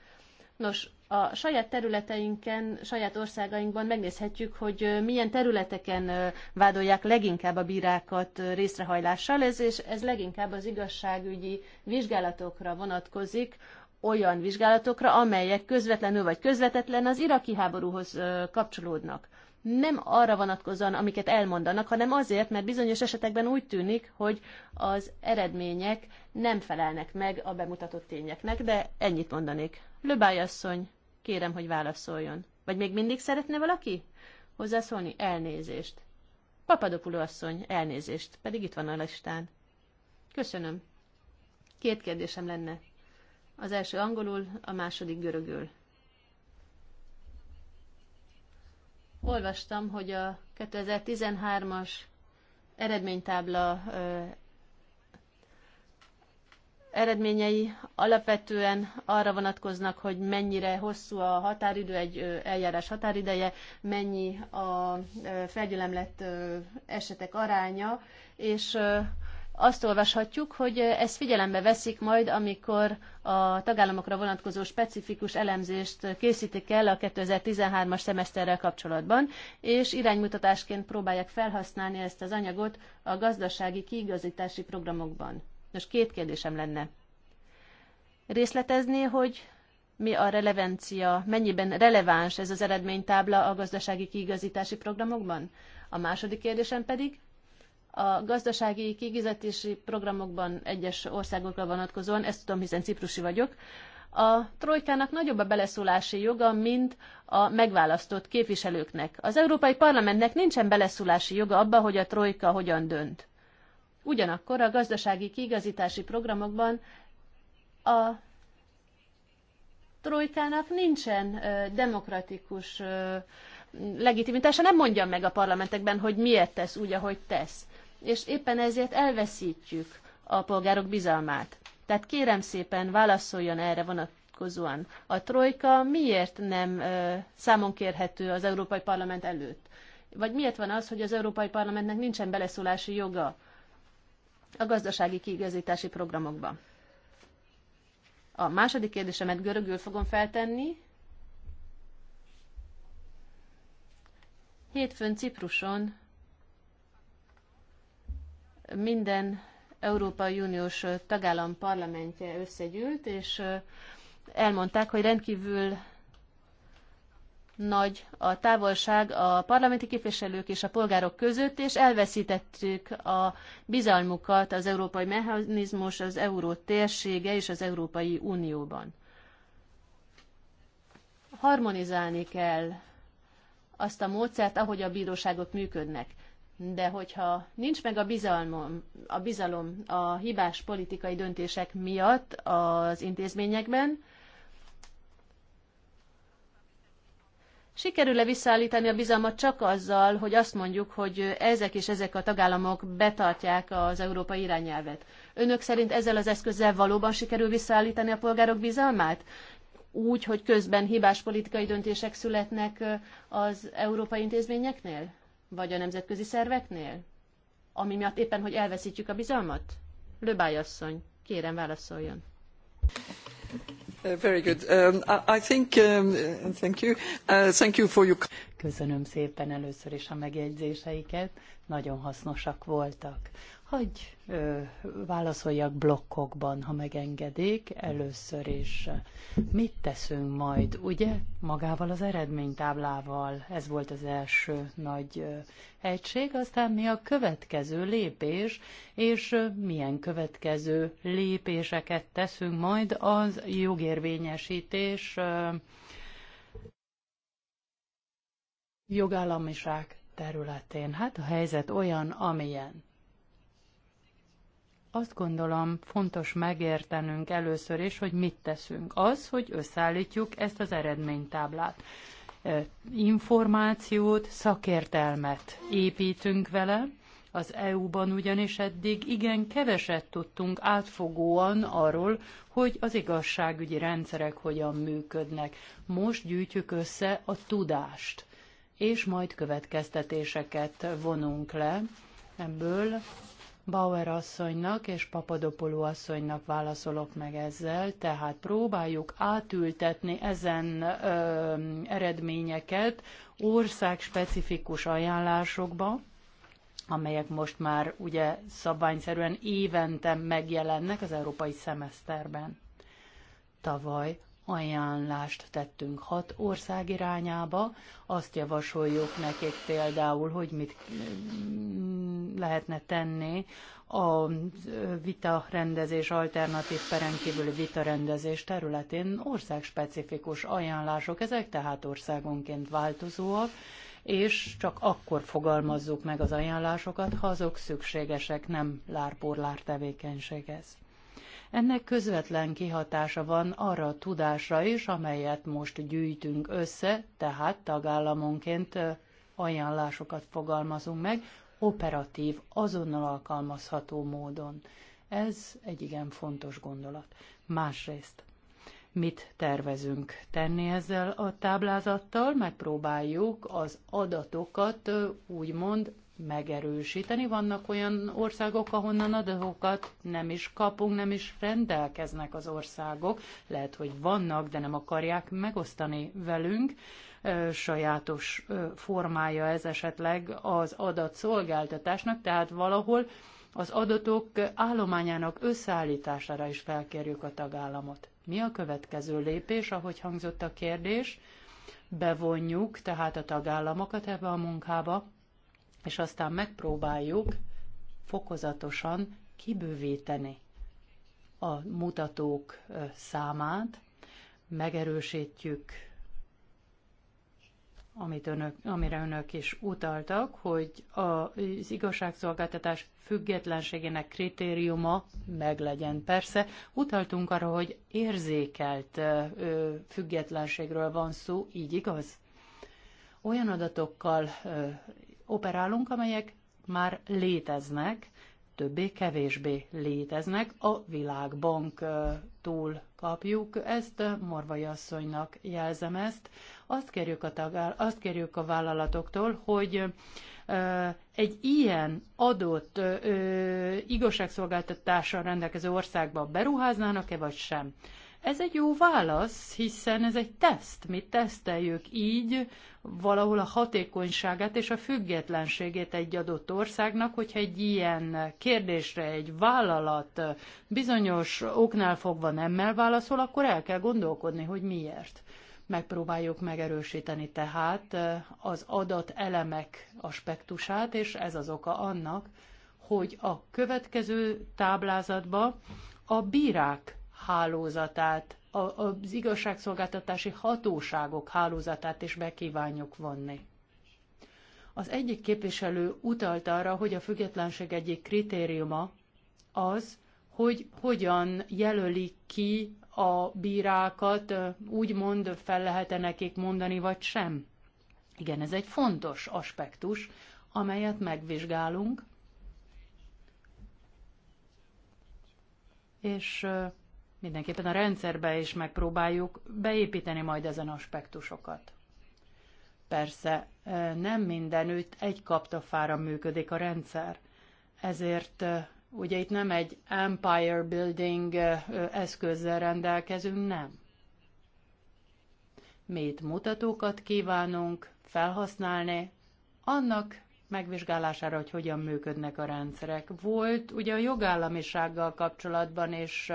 Nos, a saját területeinken, saját országainkban megnézhetjük, hogy milyen területeken vádolják leginkább a bírákat részrehajlással, ez, és ez leginkább az igazságügyi vizsgálatokra vonatkozik, olyan vizsgálatokra, amelyek közvetlenül vagy közvetetlen az iraki háborúhoz kapcsolódnak nem arra vonatkozóan, amiket elmondanak, hanem azért, mert bizonyos esetekben úgy tűnik, hogy az eredmények nem felelnek meg a bemutatott tényeknek, de ennyit mondanék. Löbály asszony, kérem, hogy válaszoljon. Vagy még mindig szeretne valaki? Hozzászólni elnézést. Papadopuló asszony, elnézést, pedig itt van a listán. Köszönöm. Két kérdésem lenne. Az első angolul, a második görögül. olvastam, hogy a 2013-as eredménytábla eredményei alapvetően arra vonatkoznak, hogy mennyire hosszú a határidő, egy eljárás határideje, mennyi a felgyelemlett esetek aránya, és azt olvashatjuk, hogy ezt figyelembe veszik majd, amikor a tagállamokra vonatkozó specifikus elemzést készítik el a 2013-as szemeszterrel kapcsolatban, és iránymutatásként próbálják felhasználni ezt az anyagot a gazdasági kiigazítási programokban. Most két kérdésem lenne. Részletezni, hogy mi a relevancia, mennyiben releváns ez az eredménytábla a gazdasági kiigazítási programokban? A második kérdésem pedig, a gazdasági kigizetési programokban egyes országokra vonatkozóan, ezt tudom, hiszen ciprusi vagyok, a trojkának nagyobb a beleszólási joga, mint a megválasztott képviselőknek. Az Európai Parlamentnek nincsen beleszólási joga abba, hogy a trojka hogyan dönt. Ugyanakkor a gazdasági kiigazítási programokban a trojkának nincsen demokratikus legitimitása, nem mondja meg a parlamentekben, hogy miért tesz úgy, ahogy tesz és éppen ezért elveszítjük a polgárok bizalmát. Tehát kérem szépen válaszoljon erre vonatkozóan. A trojka miért nem ö, számon kérhető az Európai Parlament előtt? Vagy miért van az, hogy az Európai Parlamentnek nincsen beleszólási joga a gazdasági kiigazítási programokba? A második kérdésemet görögül fogom feltenni. Hétfőn Cipruson minden Európai Uniós tagállam parlamentje összegyűlt, és elmondták, hogy rendkívül nagy a távolság a parlamenti képviselők és a polgárok között, és elveszítettük a bizalmukat az európai mechanizmus, az euró térsége és az Európai Unióban. Harmonizálni kell azt a módszert, ahogy a bíróságok működnek de hogyha nincs meg a bizalmom, a bizalom a hibás politikai döntések miatt az intézményekben, Sikerül-e visszaállítani a bizalmat csak azzal, hogy azt mondjuk, hogy ezek és ezek a tagállamok betartják az európai irányelvet? Önök szerint ezzel az eszközzel valóban sikerül visszaállítani a polgárok bizalmát? Úgy, hogy közben hibás politikai döntések születnek az európai intézményeknél? Vagy a nemzetközi szerveknél? Ami miatt éppen, hogy elveszítjük a bizalmat? Löbály asszony, kérem válaszoljon. Uh, very good. Um, I think, um, thank you. Uh, thank you for your... Köszönöm szépen először is a megjegyzéseiket, nagyon hasznosak voltak. Hagy ö, válaszoljak blokkokban, ha megengedik. Először is mit teszünk majd, ugye? Magával az eredménytáblával. Ez volt az első nagy ö, egység. Aztán mi a következő lépés, és ö, milyen következő lépéseket teszünk majd az jogérvényesítés ö, jogállamiság területén. Hát a helyzet olyan, amilyen azt gondolom fontos megértenünk először is, hogy mit teszünk. Az, hogy összeállítjuk ezt az eredménytáblát. Információt, szakértelmet építünk vele, az EU-ban ugyanis eddig igen keveset tudtunk átfogóan arról, hogy az igazságügyi rendszerek hogyan működnek. Most gyűjtjük össze a tudást, és majd következtetéseket vonunk le ebből Bauer asszonynak és Papadopoulou asszonynak válaszolok meg ezzel, tehát próbáljuk átültetni ezen ö, eredményeket országspecifikus ajánlásokba, amelyek most már ugye szabványszerűen évente megjelennek az európai szemeszterben. Tavaly ajánlást tettünk hat ország irányába. Azt javasoljuk nekik például, hogy mit mm, lehetne tenni a vita rendezés, alternatív perenkívüli vita rendezés területén országspecifikus ajánlások, ezek tehát országonként változóak, és csak akkor fogalmazzuk meg az ajánlásokat, ha azok szükségesek, nem lárpórlár tevékenységhez. Ennek közvetlen kihatása van arra a tudásra is, amelyet most gyűjtünk össze, tehát tagállamonként ajánlásokat fogalmazunk meg, operatív, azonnal alkalmazható módon. Ez egy igen fontos gondolat. Másrészt, mit tervezünk tenni ezzel a táblázattal? Megpróbáljuk az adatokat úgymond megerősíteni. Vannak olyan országok, ahonnan adatokat nem is kapunk, nem is rendelkeznek az országok. Lehet, hogy vannak, de nem akarják megosztani velünk. Sajátos formája ez esetleg az adatszolgáltatásnak, tehát valahol az adatok állományának összeállítására is felkérjük a tagállamot. Mi a következő lépés, ahogy hangzott a kérdés? Bevonjuk tehát a tagállamokat ebbe a munkába, és aztán megpróbáljuk fokozatosan kibővíteni a mutatók számát, megerősítjük, amit önök, amire önök is utaltak, hogy az igazságszolgáltatás függetlenségének kritériuma meglegyen. Persze utaltunk arra, hogy érzékelt függetlenségről van szó, így igaz? Olyan adatokkal operálunk, amelyek már léteznek, többé-kevésbé léteznek, a világbank túl kapjuk ezt, Morvai asszonynak jelzem ezt. Azt kérjük a, tagál, azt kérjük a vállalatoktól, hogy egy ilyen adott igazságszolgáltatással rendelkező országba beruháznának-e vagy sem. Ez egy jó válasz, hiszen ez egy teszt. Mi teszteljük így valahol a hatékonyságát és a függetlenségét egy adott országnak, hogyha egy ilyen kérdésre egy vállalat bizonyos oknál fogva nemmel válaszol, akkor el kell gondolkodni, hogy miért. Megpróbáljuk megerősíteni tehát az adat elemek aspektusát, és ez az oka annak, hogy a következő táblázatba a bírák hálózatát, az igazságszolgáltatási hatóságok hálózatát is bekívánjuk vonni. Az egyik képviselő utalta arra, hogy a függetlenség egyik kritériuma az, hogy hogyan jelölik ki a bírákat, úgymond fel lehet-e nekik mondani, vagy sem. Igen, ez egy fontos aspektus, amelyet megvizsgálunk, és mindenképpen a rendszerbe is megpróbáljuk beépíteni majd ezen aspektusokat. Persze nem mindenütt egy kaptafára működik a rendszer, ezért ugye itt nem egy empire building eszközzel rendelkezünk, nem. Mét mutatókat kívánunk felhasználni, annak megvizsgálására, hogy hogyan működnek a rendszerek. Volt ugye a jogállamisággal kapcsolatban is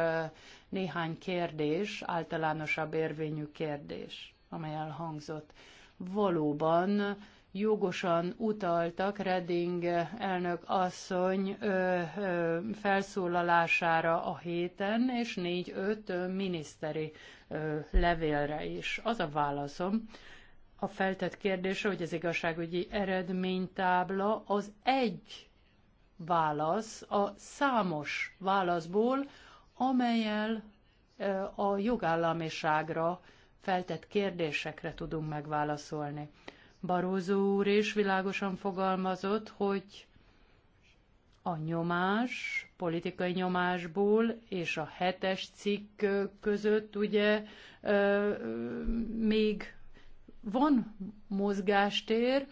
néhány kérdés, általánosabb érvényű kérdés, amely elhangzott. Valóban jogosan utaltak Redding elnök asszony felszólalására a héten, és négy-öt miniszteri levélre is. Az a válaszom, a feltett kérdésre, hogy az igazságügyi eredménytábla az egy válasz a számos válaszból, amelyel a jogállamiságra feltett kérdésekre tudunk megválaszolni. Barózó úr is világosan fogalmazott, hogy a nyomás, politikai nyomásból és a hetes cikk között ugye még van mozgástér,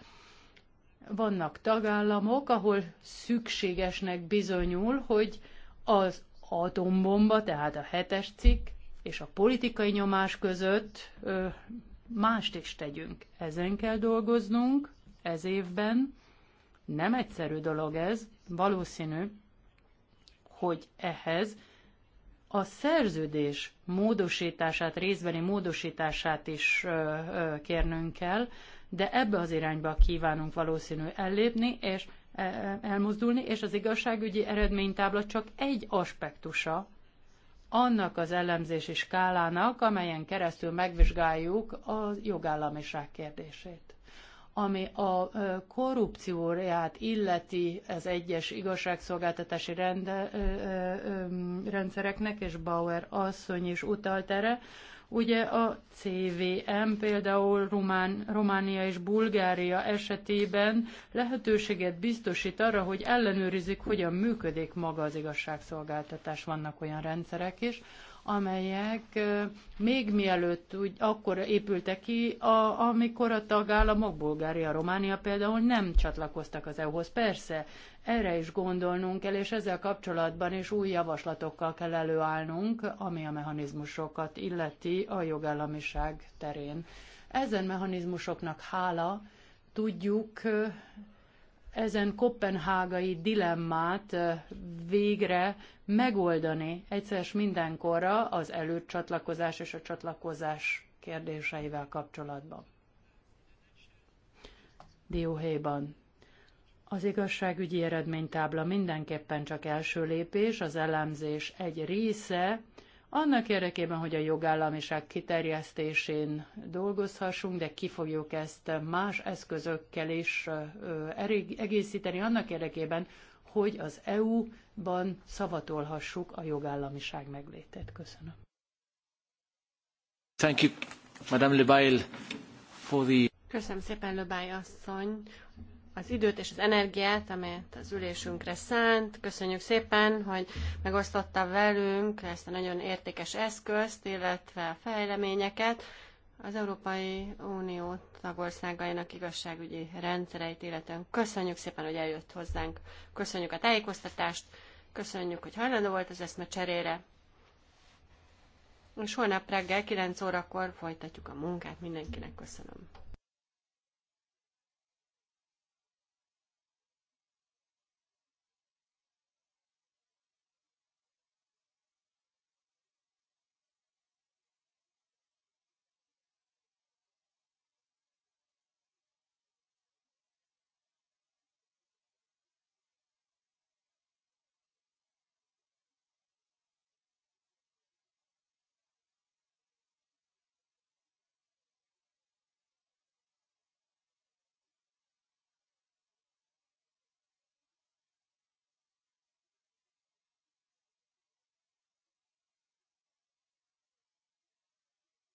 vannak tagállamok, ahol szükségesnek bizonyul, hogy az atombomba, tehát a hetes cikk és a politikai nyomás között ö, mást is tegyünk. Ezen kell dolgoznunk ez évben. Nem egyszerű dolog ez, valószínű, hogy ehhez a szerződés módosítását, részbeni módosítását is kérnünk kell, de ebbe az irányba kívánunk valószínű ellépni és e, e, elmozdulni, és az igazságügyi eredménytábla csak egy aspektusa annak az elemzési skálának, amelyen keresztül megvizsgáljuk a jogállamiság kérdését ami a korrupcióját illeti az egyes igazságszolgáltatási rende, rendszereknek, és Bauer asszony is utalt erre, Ugye a CVM például Román, Románia és Bulgária esetében lehetőséget biztosít arra, hogy ellenőrizik, hogyan működik maga az igazságszolgáltatás. Vannak olyan rendszerek is, amelyek még mielőtt úgy akkor épültek ki, a, amikor a tagállamok, Bulgária, Románia például nem csatlakoztak az EU-hoz. Persze, erre is gondolnunk kell, és ezzel kapcsolatban is új javaslatokkal kell előállnunk, ami a mechanizmusokat illeti a jogállamiság terén. Ezen mechanizmusoknak hála tudjuk ezen kopenhágai dilemmát végre megoldani egyszer mindenkorra az előcsatlakozás és a csatlakozás kérdéseivel kapcsolatban. Dióhéjban. Az igazságügyi eredménytábla mindenképpen csak első lépés, az elemzés egy része, annak érdekében, hogy a jogállamiság kiterjesztésén dolgozhassunk, de ki fogjuk ezt más eszközökkel is egészíteni, annak érdekében, hogy az EU-ban szavatolhassuk a jogállamiság meglétét. Köszönöm. Thank you, Madame Bail, for the... Köszönöm szépen, Bail asszony, az időt és az energiát, amelyet az ülésünkre szánt. Köszönjük szépen, hogy megosztotta velünk ezt a nagyon értékes eszközt, illetve a fejleményeket az Európai Unió tagországainak igazságügyi rendszereit illetően. Köszönjük szépen, hogy eljött hozzánk. Köszönjük a tájékoztatást, köszönjük, hogy hajlandó volt az eszme cserére. És holnap reggel 9 órakor folytatjuk a munkát. Mindenkinek köszönöm.